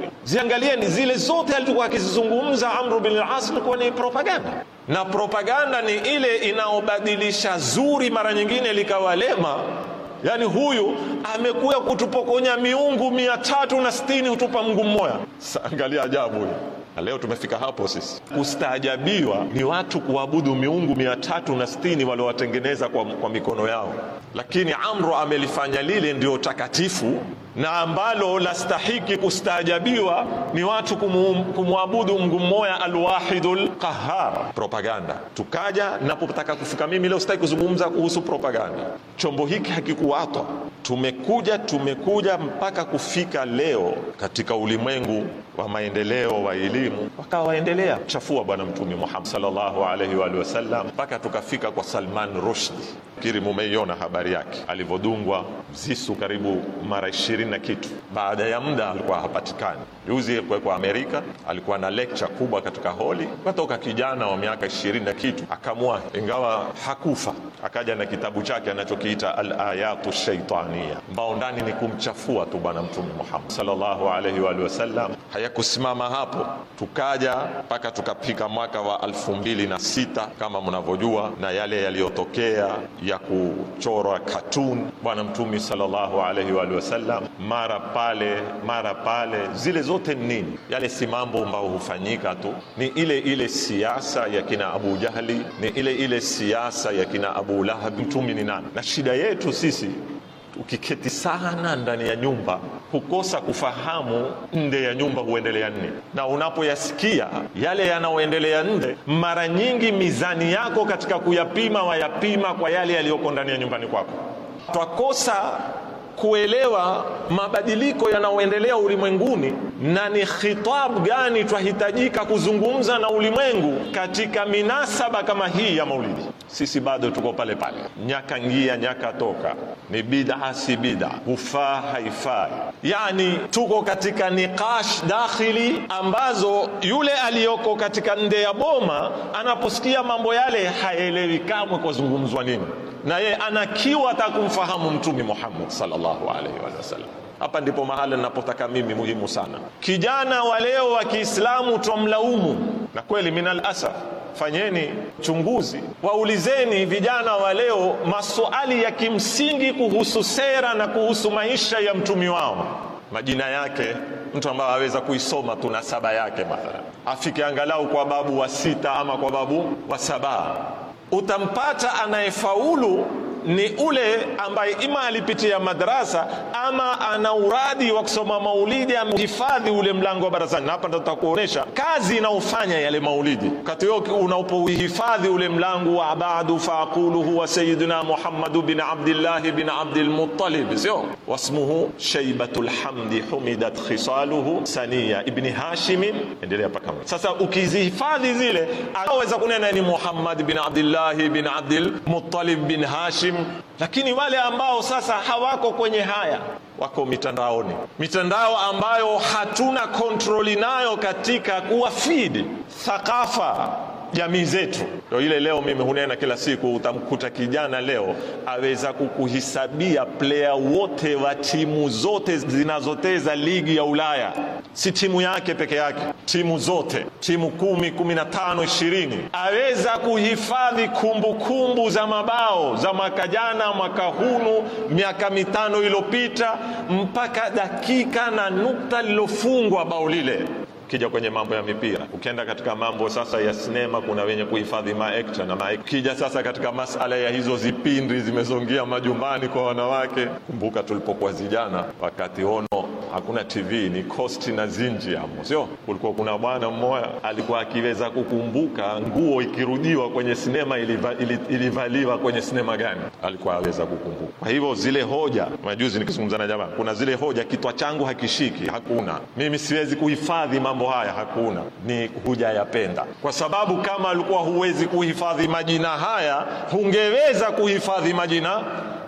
ni zile zote alikuwa akizizungumza Amru bin al-As, ilikuwa ni propaganda na propaganda ni ile inaobadilisha zuri mara nyingine likawalema. yani huyu amekuja kutupokonya miungu mia tatu na sitini hutupa Mungu mmoja. Angalia ajabu huyu na leo tumefika hapo sisi. Kustaajabiwa ni watu kuabudu miungu mia tatu na sitini waliowatengeneza kwa, kwa mikono yao, lakini Amro amelifanya lile ndio takatifu na ambalo lastahiki kustaajabiwa ni watu kumwabudu Mungu mmoja alwahidul lqahar Propaganda tukaja napotaka kufika mimi leo, sitaki kuzungumza kuhusu propaganda. Chombo hiki hakikuwatwa, tumekuja tumekuja mpaka kufika leo katika ulimwengu wa maendeleo wa elimu wakawa wakawaendelea kuchafua Bwana Mtume Muhammad sallallahu alaihi wa sallam mpaka tukafika kwa Salman rushdi kiri mumeiona habari yake alivyodungwa mzisu karibu mara ishirini na kitu. Baada ya muda alikuwa hapatikani. Juzi kwa Amerika alikuwa na lecture kubwa katika holi, katoka kijana wa miaka ishirini na kitu akamwa, ingawa hakufa. Akaja na kitabu chake anachokiita Al-Ayatu Shaitania, ambao ndani ni kumchafua tu Bwana Mtume Muhammad sallallahu alaihi wa sallam. Hayakusimama hapo tukaja mpaka tukapika mwaka wa elfu mbili na sita kama mnavyojua, na yale yaliyotokea ya kuchora katuni Bwana Mtume sallallahu alaihi wa alihi wasallam, mara pale mara pale, zile zote nini, yale si mambo ambayo hufanyika tu, ni ile ile siasa ya kina Abu Jahli, ni ile ile siasa ya kina Abu Lahab. Mtume ni nani? Na shida yetu sisi ukiketi sana ndani ya nyumba hukosa kufahamu nde ya nyumba huendelea nini, na unapoyasikia yale yanayoendelea nde mara nyingi mizani yako katika kuyapima wayapima kwa yale yaliyoko ndani ya nyumbani kwako. Twakosa kuelewa mabadiliko yanayoendelea ulimwenguni na ni khitabu gani twahitajika kuzungumza na ulimwengu katika minasaba kama hii ya Maulidi sisi bado tuko pale pale, nyaka ngia nyaka toka, ni bid'a si bid'a, hufaa haifai. Yani tuko katika niqash dakhili ambazo yule aliyoko katika nde ya boma anaposikia mambo yale haelewi kamwe kwa zungumzwa nini, na yeye anakiwa atakumfahamu Mtume Muhammad sallallahu alaihi wasallam. Hapa ndipo mahala ninapotaka mimi muhimu sana, kijana wa leo wa Kiislamu twamlaumu, na kweli minal asaf fanyeni uchunguzi, waulizeni vijana wa leo maswali ya kimsingi kuhusu sera na kuhusu maisha ya mtumi wao, majina yake mtu ambaye aweza kuisoma tu na saba yake mathalan, afike angalau kwa babu wa sita ama kwa babu wa saba, utampata anayefaulu ni ule ambaye ima alipitia madrasa ama ana uradi wa kusoma maulidi, amehifadhi ule mlango wa barazani. hapa ndo tutakuonesha kazi inaofanya yale maulidi, wakati huo unapohifadhi ule mlango wa badu faqulu huwa sayyiduna Muhammadu bin Abdillah bin Abdil Muttalib, sio wasmuhu shaybatul hamdi humidat khisaluhu saniya ibn Hashim. Endelea paka sasa, ukizihifadhi zile, anaweza kunena ni Muhammad bin Abdillah bin Abdil Muttalib bin Hashim elimu. Lakini wale ambao sasa hawako kwenye haya wako mitandaoni, mitandao ambayo hatuna kontroli nayo katika kuwafidi thakafa jamii zetu. Ndio ile leo mimi hunena kila siku, utamkuta kijana leo aweza kukuhisabia player wote wa timu zote zinazoteza ligi ya Ulaya, si timu yake peke yake, timu zote, timu kumi, kumi na tano, ishirini. Aweza kuhifadhi kumbukumbu za mabao za mwaka jana, mwaka hunu, miaka mitano iliyopita, mpaka dakika na nukta lilofungwa bao lile. Ukija kwenye mambo ya mipira, ukienda katika mambo sasa ya sinema, kuna wenye kuhifadhi maekta na maek. Kija sasa katika masala ya hizo zipindi zimezongia majumbani kwa wanawake, kumbuka tulipokuwa zijana wakati ono hakuna TV, ni kosti na zinji hapo, sio? Kulikuwa kuna bwana mmoja alikuwa akiweza kukumbuka nguo ikirudiwa kwenye sinema iliva, ilivaliwa kwenye sinema gani, alikuwa aweza kukumbuka. Kwa hivyo zile hoja, majuzi nikizungumza na jamaa, kuna zile hoja, kitwa changu hakishiki, hakuna mimi siwezi kuhifadhi mambo haya, hakuna ni huja yapenda, kwa sababu kama alikuwa huwezi kuhifadhi majina haya, hungeweza kuhifadhi majina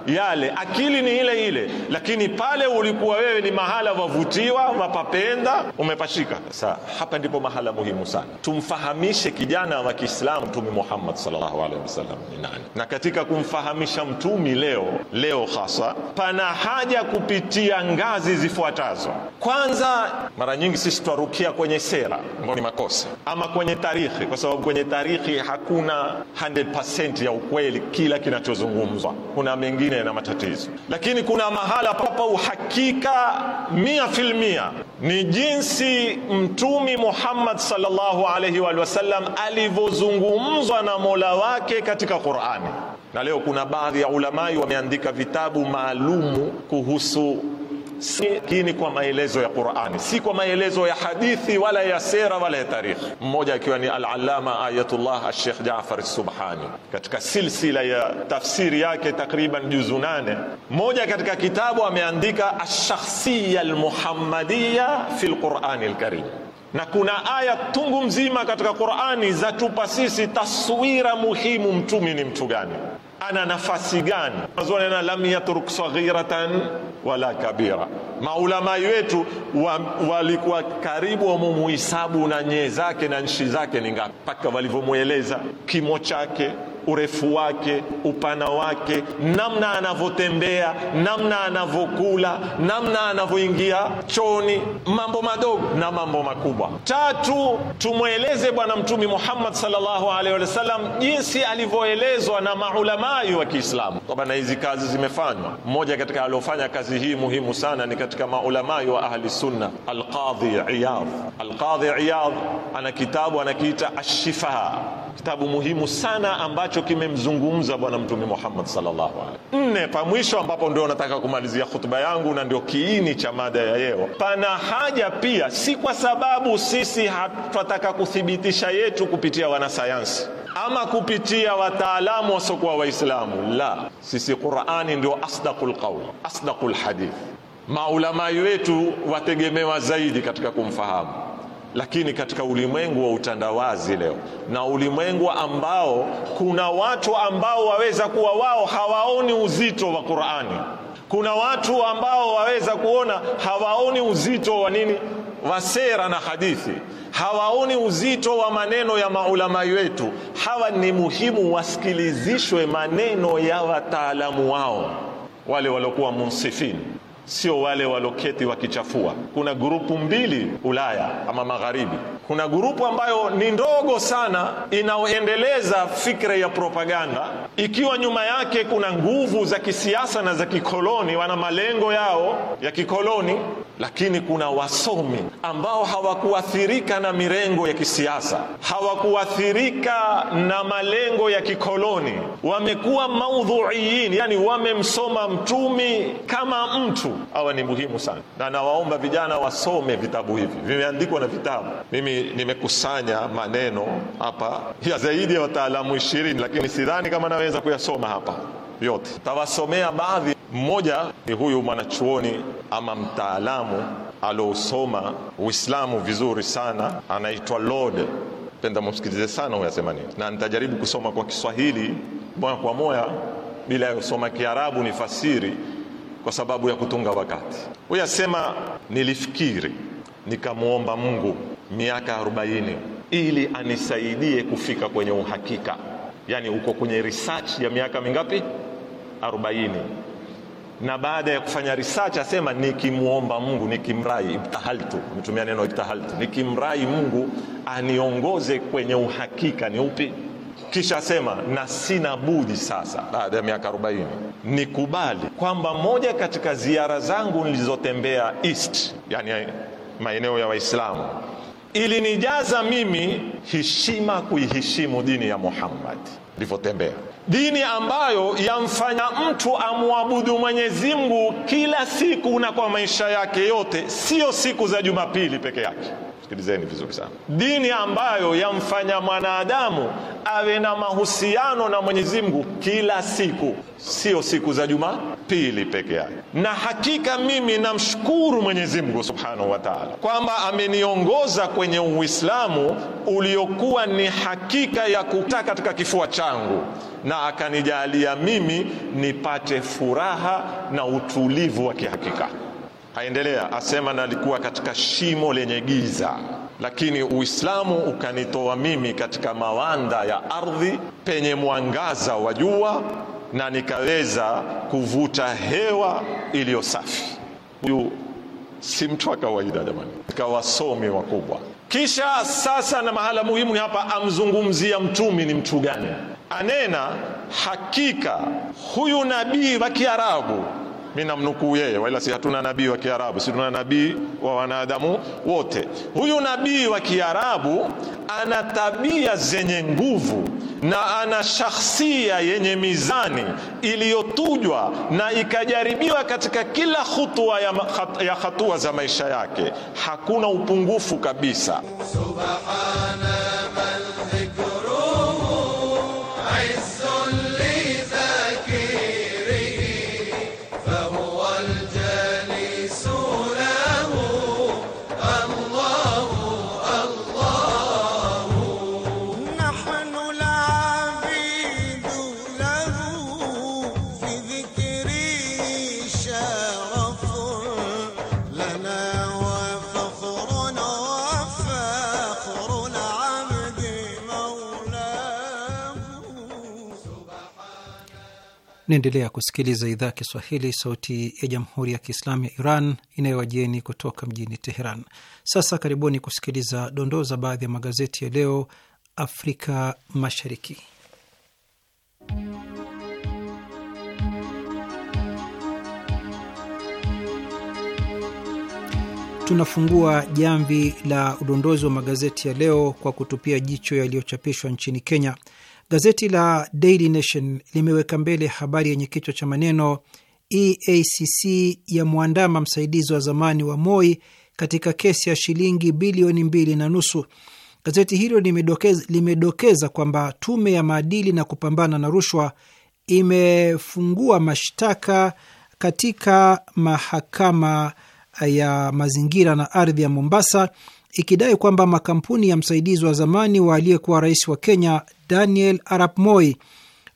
yale, akili ni ile ile, lakini pale ulikuwa wewe ni mahala wavutiwa, wapapenda, umepashika. Sasa hapa ndipo mahala muhimu sana, tumfahamishe kijana wa Kiislamu Mtume Muhammad sallallahu alaihi wasallam ni nani, na katika kumfahamisha mtumi leo leo hasa pana haja kupitia ngazi zifuatazo. Kwanza, mara nyingi sisi twarukia kwenye sera ambayo ni makosa, ama kwenye tarikhi, kwa sababu kwenye tarikhi hakuna 100% ya ukweli kila kinachozungumzwa, kuna mengine mengine na matatizo, lakini kuna mahala papa uhakika mia ni jinsi Mtumi Muhammad sallallahu alaihi wa sallam alivyozungumzwa na Mola wake katika Qur'ani. Na leo kuna baadhi ya ulamai wameandika vitabu maalumu kuhusu lakini kwa maelezo ya Qur'ani, si kwa maelezo ya hadithi wala ya sera wala ya tarikhi. Mmoja akiwa ni al-Allama Ayatullah al-Sheikh Jaafar Subhani katika silsila ya tafsiri yake takriban juzu nane, mmoja katika kitabu ameandika ash-shakhsiyya al-muhammadiyya fi al-Qur'an al-Karim na kuna aya tungu mzima katika Qur'ani za tupa sisi taswira muhimu, mtume ni mtu gani ana nafasi gani? na lam yatruk saghiratan wala kabira. Maulama wetu walikuwa wa karibu wamumuhisabu na nyee zake na nchi zake ni ngapi, mpaka walivyomweleza kimo chake urefu wake, upana wake, namna anavyotembea, namna anavyokula, namna anavyoingia choni, mambo madogo na mambo makubwa. Tatu, tumweleze Bwana Mtume Muhammad sallallahu alaihi wasallam jinsi alivyoelezwa na maulamai wa Kiislamu kwamba hizi kazi zimefanywa. Mmoja katika aliofanya kazi hii muhimu sana ni katika maulamai wa ahli sunna, Alqadhi Iyadh. Alqadhi Iyadh ana kitabu anakiita Ashifa, kitabu muhimu sana ambacho ambacho kimemzungumza Bwana Mtume Muhammad sallallahu alaihi nne, pa mwisho ambapo ndio nataka kumalizia hutuba yangu na ndio kiini cha mada ya leo. Pana haja pia, si kwa sababu sisi hatutaka kuthibitisha yetu kupitia wanasayansi ama kupitia wataalamu wasiokuwa Waislamu. La, sisi Qurani ndio asdaqul qawl, asdaqul hadith. maulamai wetu wategemewa zaidi katika kumfahamu lakini katika ulimwengu wa utandawazi leo na ulimwengu ambao kuna watu ambao waweza kuwa wao hawaoni uzito wa Qur'ani, kuna watu ambao waweza kuona hawaoni uzito wa nini, wa sera na hadithi, hawaoni uzito wa maneno ya maulama wetu. Hawa ni muhimu wasikilizishwe maneno ya wataalamu wao wale waliokuwa munsifini sio wale waloketi wakichafua. Kuna grupu mbili Ulaya ama magharibi. Kuna grupu ambayo ni ndogo sana inayoendeleza fikra ya propaganda, ikiwa nyuma yake kuna nguvu za kisiasa na za kikoloni, wana malengo yao ya kikoloni. Lakini kuna wasomi ambao hawakuathirika na mirengo ya kisiasa, hawakuathirika na malengo ya kikoloni, wamekuwa maudhuiyin, yani wamemsoma mtumi kama mtu hawa ni muhimu sana, na nawaomba vijana wasome vitabu hivi, vimeandikwa na vitabu. Mimi nimekusanya maneno hapa ya zaidi ya wataalamu ishirini, lakini sidhani kama naweza kuyasoma hapa yote. Tawasomea baadhi. Mmoja ni huyu mwanachuoni ama mtaalamu alousoma Uislamu vizuri sana, anaitwa Lord Penda, mumsikilize sana huyo asema nini, na nitajaribu kusoma kwa Kiswahili moya kwa moya bila ya kusoma Kiarabu ni fasiri kwa sababu ya kutunga wakati. Huyu asema nilifikiri, nikamwomba Mungu miaka arobaini ili anisaidie kufika kwenye uhakika. Yaani uko kwenye research ya miaka mingapi? Arobaini. Na baada ya kufanya research asema nikimwomba Mungu, nikimrai, ibtahaltu, ametumia neno ibtahaltu, nikimrai Mungu aniongoze kwenye uhakika. Ni upi? kisha sema na sina budi sasa, baada ya miaka 40 nikubali kwamba moja katika ziara zangu nilizotembea East, yani maeneo ya Waislamu, ilinijaza mimi heshima kuiheshimu dini ya Muhammad nilivyotembea, dini ambayo yamfanya mtu amwabudu Mwenyezi Mungu kila siku na kwa maisha yake yote, sio siku za Jumapili peke yake sikilizeni vizuri sana dini ambayo yamfanya mwanadamu awe na mahusiano na mwenyezi mungu kila siku sio siku za jumapili peke yake na hakika mimi namshukuru mwenyezi mungu subhanahu wa taala kwamba ameniongoza kwenye uislamu uliokuwa ni hakika ya kutaka katika kifua changu na akanijalia mimi nipate furaha na utulivu wa kihakika Aendelea asema, nalikuwa katika shimo lenye giza, lakini Uislamu ukanitoa mimi katika mawanda ya ardhi penye mwangaza wa jua, na nikaweza kuvuta hewa iliyo safi. Huyu si mtu wa kawaida jamani, katika wasomi wakubwa. Kisha sasa, na mahala muhimu ni hapa, amzungumzia mtumi ni mtu gani? Anena, hakika huyu nabii wa Kiarabu mi namnukuu yeye, wala si hatuna nabii wa Kiarabu, si tuna nabii wa wanadamu wote. Huyu nabii wa Kiarabu ana tabia zenye nguvu na ana shakhsia yenye mizani iliyotujwa na ikajaribiwa katika kila hutua ya, ya hatua za maisha yake, hakuna upungufu kabisa Subhana Naendelea kusikiliza idhaa Kiswahili sauti ya jamhuri ya kiislamu ya Iran inayowajieni kutoka mjini Teheran. Sasa karibuni kusikiliza dondoo za baadhi ya magazeti ya leo Afrika Mashariki. Tunafungua jamvi la udondozi wa magazeti ya leo kwa kutupia jicho yaliyochapishwa nchini Kenya. Gazeti la Daily Nation limeweka mbele habari yenye kichwa cha maneno EACC ya mwandama msaidizi wa zamani wa Moi katika kesi ya shilingi bilioni mbili na nusu. Gazeti hilo limedokeza, limedokeza kwamba tume ya maadili na kupambana na rushwa imefungua mashtaka katika mahakama ya mazingira na ardhi ya Mombasa ikidai kwamba makampuni ya msaidizi wa zamani wa aliyekuwa rais wa Kenya Daniel Arap Moi,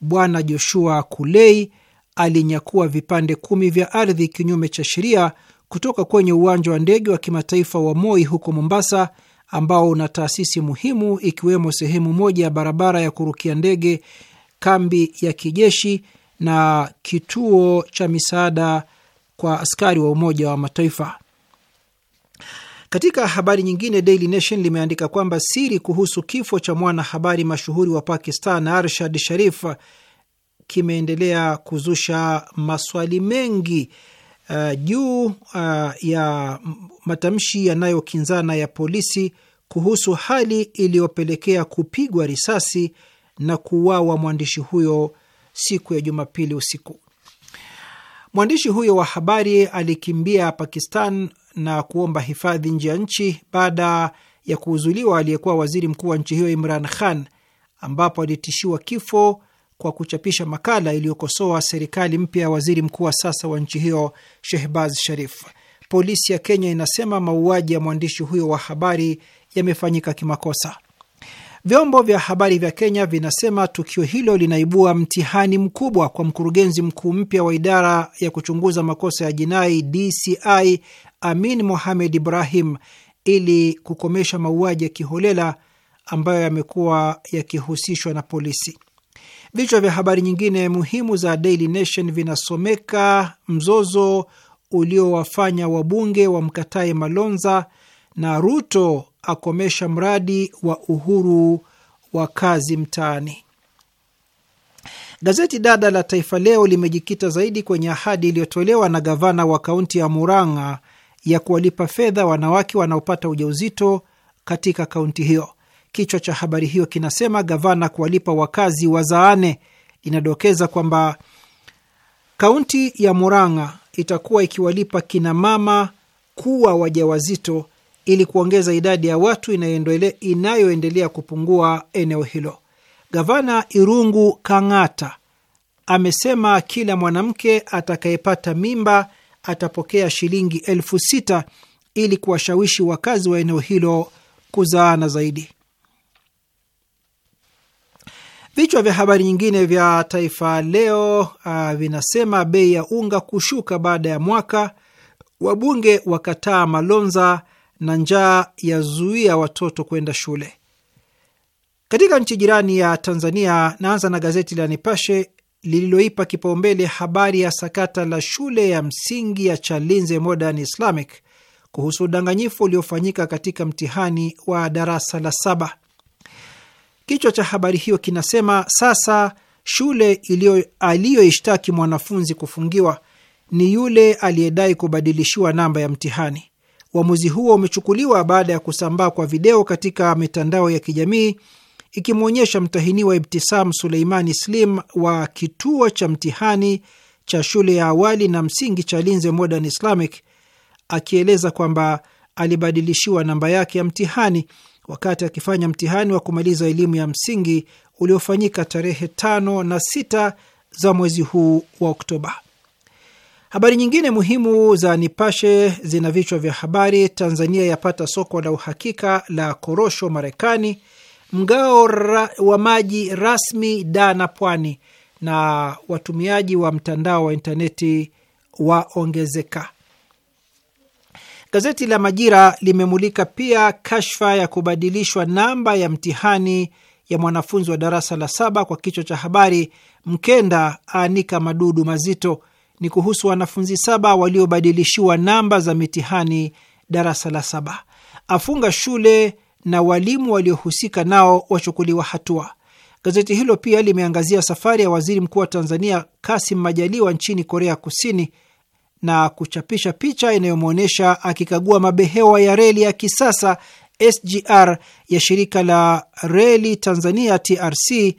Bwana Joshua Kulei alinyakua vipande kumi vya ardhi kinyume cha sheria kutoka kwenye uwanja wa ndege wa kimataifa wa Moi huko Mombasa, ambao una taasisi muhimu ikiwemo sehemu moja ya barabara ya kurukia ndege, kambi ya kijeshi na kituo cha misaada kwa askari wa Umoja wa Mataifa. Katika habari nyingine, Daily Nation limeandika kwamba siri kuhusu kifo cha mwanahabari mashuhuri wa Pakistan Arshad Sharif kimeendelea kuzusha maswali mengi uh, juu uh, ya matamshi yanayokinzana ya polisi kuhusu hali iliyopelekea kupigwa risasi na kuuawa mwandishi huyo siku ya Jumapili usiku. Mwandishi huyo wa habari alikimbia Pakistan na kuomba hifadhi nje ya nchi baada ya kuuzuliwa aliyekuwa waziri mkuu wa nchi hiyo Imran Khan, ambapo alitishiwa kifo kwa kuchapisha makala iliyokosoa serikali mpya ya waziri mkuu wa sasa wa nchi hiyo Shehbaz Sharif. Polisi ya Kenya inasema mauaji ya mwandishi huyo wa habari yamefanyika kimakosa. Vyombo vya habari vya Kenya vinasema tukio hilo linaibua mtihani mkubwa kwa mkurugenzi mkuu mpya wa idara ya kuchunguza makosa ya jinai DCI Amin Mohamed Ibrahim ili kukomesha mauaji ya kiholela ambayo yamekuwa yakihusishwa na polisi. Vichwa vya habari nyingine muhimu za Daily Nation vinasomeka: mzozo uliowafanya wabunge wa mkatae Malonza, na Ruto akomesha mradi wa uhuru wa kazi mtaani. Gazeti dada la Taifa Leo limejikita zaidi kwenye ahadi iliyotolewa na gavana wa kaunti ya Murang'a ya kuwalipa fedha wanawake wanaopata ujauzito katika kaunti hiyo. Kichwa cha habari hiyo kinasema gavana kuwalipa wakazi wazaane. Inadokeza kwamba kaunti ya Murang'a itakuwa ikiwalipa kinamama kuwa wajawazito ili kuongeza idadi ya watu inayoendelea kupungua eneo hilo. Gavana Irungu Kang'ata amesema kila mwanamke atakayepata mimba atapokea shilingi elfu sita ili kuwashawishi wakazi wa eneo hilo kuzaana zaidi. Vichwa vya habari nyingine vya Taifa Leo uh, vinasema bei ya unga kushuka baada ya mwaka, wabunge wakataa malonza, na njaa yazuia watoto kwenda shule. Katika nchi jirani ya Tanzania, naanza na gazeti la Nipashe lililoipa kipaumbele habari ya sakata la shule ya msingi ya Chalinze Modern Islamic kuhusu udanganyifu uliofanyika katika mtihani wa darasa la saba. Kichwa cha habari hiyo kinasema sasa shule aliyoishtaki mwanafunzi kufungiwa ni yule aliyedai kubadilishiwa namba ya mtihani. Uamuzi huo umechukuliwa baada ya kusambaa kwa video katika mitandao ya kijamii ikimwonyesha mtahiniwa Ibtisam Suleimani Slim wa kituo cha mtihani cha shule ya awali na msingi cha Linze Modern Islamic akieleza kwamba alibadilishiwa namba yake ya mtihani wakati akifanya mtihani wa kumaliza elimu ya msingi uliofanyika tarehe tano na sita za mwezi huu wa Oktoba. Habari nyingine muhimu za Nipashe zina vichwa vya habari: Tanzania yapata soko la uhakika la korosho Marekani, mgao ra, wa maji rasmi da na pwani, na watumiaji wa mtandao wa intaneti waongezeka. Gazeti la Majira limemulika pia kashfa ya kubadilishwa namba ya mtihani ya mwanafunzi wa darasa la saba kwa kichwa cha habari, Mkenda aanika madudu mazito. Ni kuhusu wanafunzi saba waliobadilishiwa namba za mitihani darasa la saba, afunga shule na walimu waliohusika nao wachukuliwa hatua. Gazeti hilo pia limeangazia safari ya waziri mkuu wa Tanzania Kasim Majaliwa nchini Korea Kusini na kuchapisha picha inayomwonyesha akikagua mabehewa ya reli ya kisasa SGR ya shirika la reli Tanzania TRC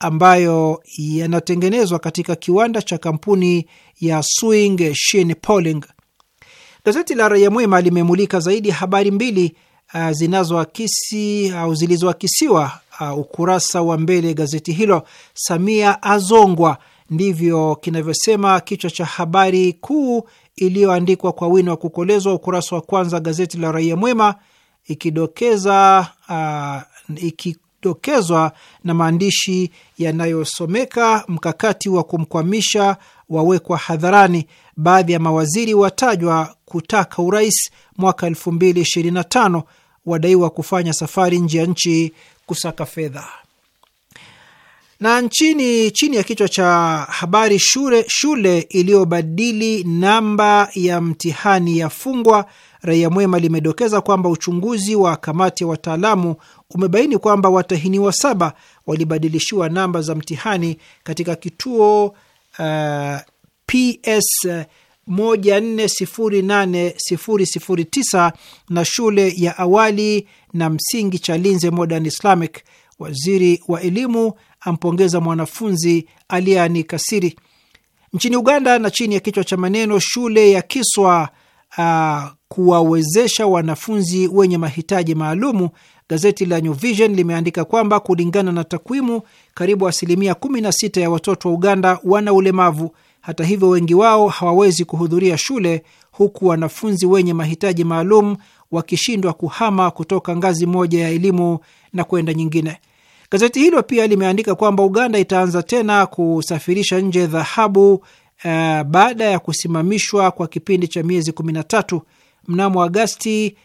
ambayo yanatengenezwa katika kiwanda cha kampuni ya Swing Shin Poling. Gazeti la Raia Mwema limemulika zaidi habari mbili Uh, zinazoakisi au zilizoakisiwa uh, ukurasa wa mbele gazeti hilo. Samia azongwa, ndivyo kinavyosema kichwa cha habari kuu iliyoandikwa kwa wino wa kukolezwa ukurasa wa kwanza gazeti la Raia Mwema, ikidokeza uh, ikidokezwa na maandishi yanayosomeka mkakati wa kumkwamisha wawekwa hadharani, baadhi ya mawaziri watajwa kutaka urais mwaka 2025 wadaiwa kufanya safari nje ya nchi kusaka fedha. Na nchini chini ya kichwa cha habari shule, shule iliyobadili namba ya mtihani ya fungwa Raia Mwema limedokeza kwamba uchunguzi wa kamati ya wataalamu umebaini kwamba watahiniwa saba walibadilishiwa namba za mtihani katika kituo uh, PS 1408009 na shule ya awali na msingi cha Linze Modern Islamic. Waziri wa elimu ampongeza mwanafunzi aliyeanika siri. Nchini Uganda na chini ya kichwa cha maneno shule ya Kiswa uh, kuwawezesha wanafunzi wenye mahitaji maalumu, gazeti la New Vision limeandika kwamba kulingana na takwimu, karibu asilimia 16 ya watoto wa Uganda wana ulemavu hata hivyo, wengi wao hawawezi kuhudhuria shule, huku wanafunzi wenye mahitaji maalum wakishindwa kuhama kutoka ngazi moja ya elimu na kwenda nyingine. Gazeti hilo pia limeandika kwamba Uganda itaanza tena kusafirisha nje dhahabu uh, baada ya kusimamishwa kwa kipindi cha miezi 13 mnamo Agasti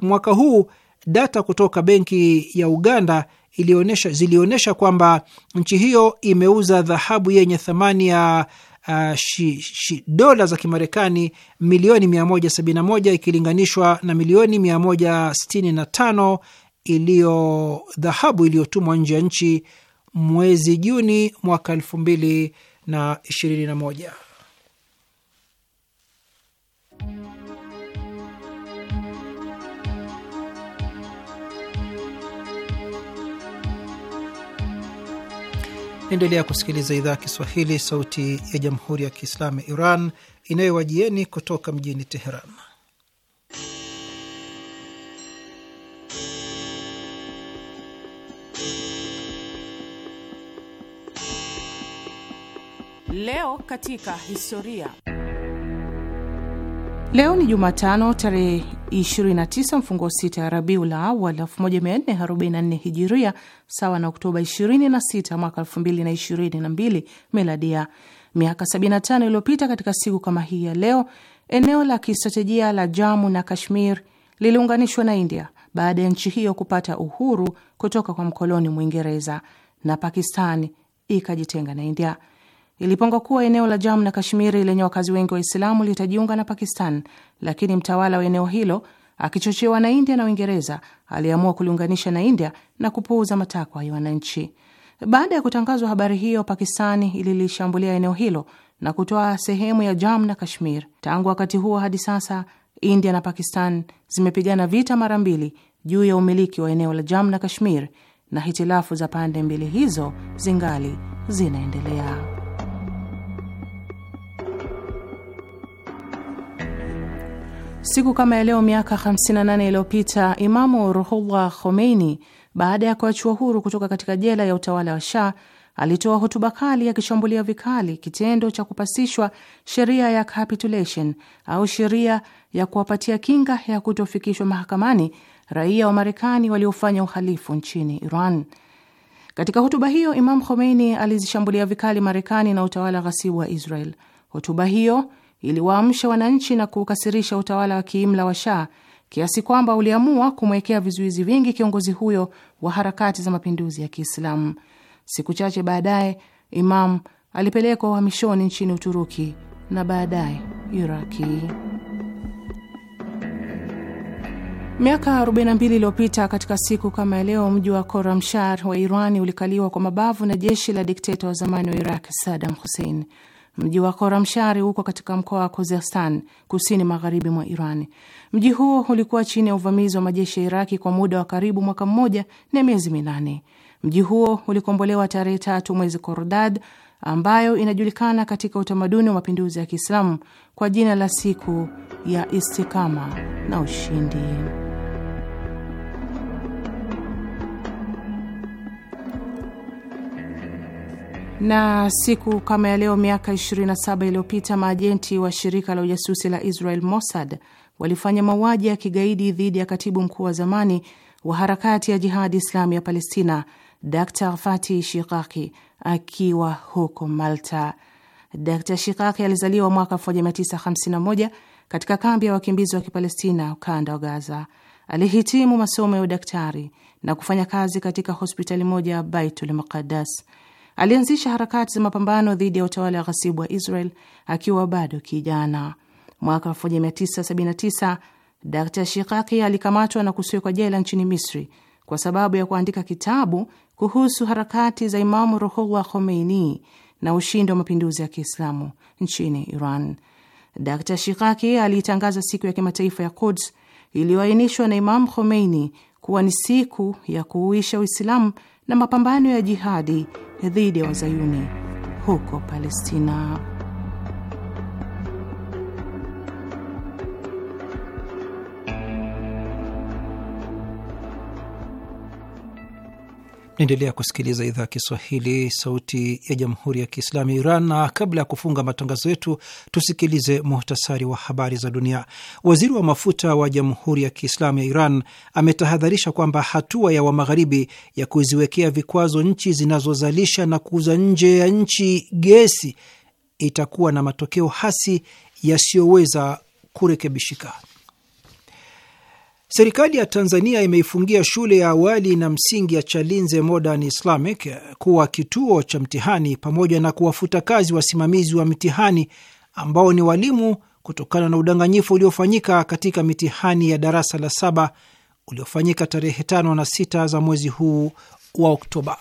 mwaka huu. Data kutoka benki ya Uganda ilionesha, zilionyesha kwamba nchi hiyo imeuza dhahabu yenye thamani ya uh, shi, shi, dola za Kimarekani milioni 171 ikilinganishwa na milioni 165 iliyo dhahabu iliyotumwa nje ya nchi mwezi Juni mwaka moja. Naendelea kusikiliza idhaa ya Kiswahili, sauti ya jamhuri ya kiislamu ya Iran inayowajieni kutoka mjini Teheran. Leo katika historia Leo ni Jumatano tarehe 29 mfungo 6it ya Rabiul Awal 1444 Hijiria, sawa na Oktoba 26 mwaka 2022 Meladia. Miaka 75 iliyopita katika siku kama hii ya leo, eneo la kistratejia la Jamu na Kashmir liliunganishwa na India baada ya nchi hiyo kupata uhuru kutoka kwa mkoloni Mwingereza, na Pakistani ikajitenga na India. Ilipangwa kuwa eneo la Jamu na Kashmiri lenye wakazi wengi wa Islamu litajiunga na Pakistan, lakini mtawala wa eneo hilo akichochewa na India na Uingereza aliamua kuliunganisha na India na kupuuza matakwa ya wananchi. Baada ya kutangazwa habari hiyo, Pakistani ililishambulia eneo hilo na kutoa sehemu ya Jamu na Kashmir. Tangu wakati huo hadi sasa, India na Pakistan zimepigana vita mara mbili juu ya umiliki wa eneo la Jamu na Kashmir, na hitilafu za pande mbili hizo zingali zinaendelea. Siku kama ya leo miaka 58 iliyopita Imamu Ruhullah Khomeini, baada ya kuachiwa huru kutoka katika jela ya utawala wa Shah, alitoa hotuba kali akishambulia vikali kitendo cha kupasishwa sheria ya capitulation au sheria ya kuwapatia kinga ya kutofikishwa mahakamani raia wa Marekani waliofanya uhalifu nchini Iran. Katika hotuba hiyo, Imam Khomeini alizishambulia vikali Marekani na utawala ghasibu wa Israel. Hotuba hiyo iliwaamsha wananchi na kuukasirisha utawala wa kiimla wa Shah kiasi kwamba uliamua kumwekea vizuizi vingi kiongozi huyo wa harakati za mapinduzi ya Kiislamu. Siku chache baadaye, Imam alipelekwa uhamishoni nchini Uturuki na baadaye Iraki. Miaka 42 iliyopita katika siku kama leo, mji wa Koramshar wa Irani ulikaliwa kwa mabavu na jeshi la dikteta wa zamani wa Iraq sadam Hussein. Mji wa Koramshari uko katika mkoa wa Khuzestan, kusini magharibi mwa Iran. Mji huo ulikuwa chini ya uvamizi wa majeshi ya Iraki kwa muda wa karibu mwaka mmoja na miezi minane. Mji huo ulikombolewa tarehe tatu mwezi Kordad, ambayo inajulikana katika utamaduni wa mapinduzi ya Kiislamu kwa jina la siku ya istikama na ushindi. Na siku kama ya leo miaka 27 iliyopita maajenti wa shirika la ujasusi la Israel Mossad walifanya mauaji ya kigaidi dhidi ya katibu mkuu wa zamani wa harakati ya jihadi Islamu ya Palestina Dr fati Shikaki akiwa huko Malta. Dr Shikaki alizaliwa mwaka 1951 katika kambi ya wakimbizi wa Kipalestina, ukanda wa Gaza. Alihitimu masomo ya udaktari na kufanya kazi katika hospitali moja ya Baitul Muqaddas. Alianzisha harakati za mapambano dhidi ya utawala wa ghasibu wa Israel akiwa bado kijana. Mwaka 1979 Dr Shikaki alikamatwa na kusiwekwa jela nchini Misri kwa sababu ya kuandika kitabu kuhusu harakati za Imamu Ruhullah Khomeini na ushindi wa mapinduzi ya Kiislamu nchini Iran. Dr Shikaki aliitangaza siku ya kimataifa ya Quds iliyoainishwa na Imamu Khomeini kuwa ni siku ya kuuisha Uislamu na mapambano ya jihadi dhidi ya wazayuni huko Palestina. Naendelea kusikiliza idhaa ya Kiswahili, sauti ya jamhuri ya kiislamu ya Iran. Na kabla ya kufunga matangazo yetu, tusikilize muhtasari wa habari za dunia. Waziri wa mafuta wa Jamhuri ya Kiislamu ya Iran ametahadharisha kwamba hatua ya Wamagharibi ya kuziwekea vikwazo nchi zinazozalisha na kuuza nje ya nchi gesi itakuwa na matokeo hasi yasiyoweza kurekebishika. Serikali ya Tanzania imeifungia shule ya awali na msingi ya Chalinze Modern Islamic kuwa kituo cha mtihani pamoja na kuwafuta kazi wasimamizi wa mitihani ambao ni walimu kutokana na udanganyifu uliofanyika katika mitihani ya darasa la saba uliofanyika tarehe tano na sita za mwezi huu wa Oktoba.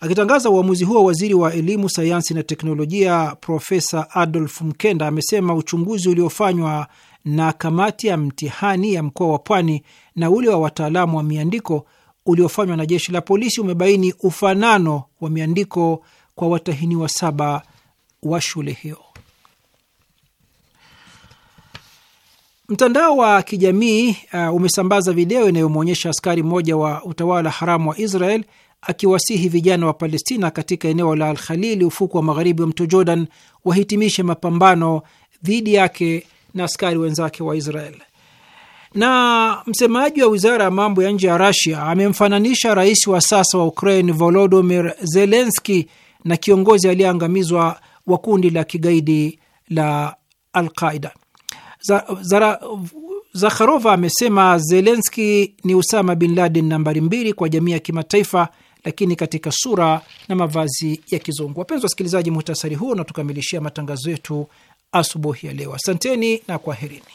Akitangaza uamuzi huo, waziri wa elimu, sayansi na teknolojia Profesa Adolf Mkenda amesema uchunguzi uliofanywa na kamati ya mtihani ya mkoa wa Pwani na ule wa wataalamu wa miandiko uliofanywa na jeshi la polisi umebaini ufanano wa miandiko kwa watahiniwa saba wa shule hiyo. Mtandao wa kijamii uh, umesambaza video inayomwonyesha askari mmoja wa utawala haramu wa Israel akiwasihi vijana wa Palestina katika eneo la alkhalili ufuku wa magharibi wa mto Jordan, wahitimishe mapambano dhidi yake na askari wenzake wa Israel. Na msemaji wa wizara ya mambo ya nje ya Rasia amemfananisha rais wa sasa wa Ukraine Volodomir Zelenski na kiongozi aliyeangamizwa wa kundi la kigaidi la Alqaida. Zakharova amesema Zelenski ni Usama bin Laden nambari mbili kwa jamii ya kimataifa, lakini katika sura na mavazi ya kizungu. Wapenzi wasikilizaji, muhtasari huo unatukamilishia matangazo yetu asubuhi ya leo. Asanteni na kwaherini.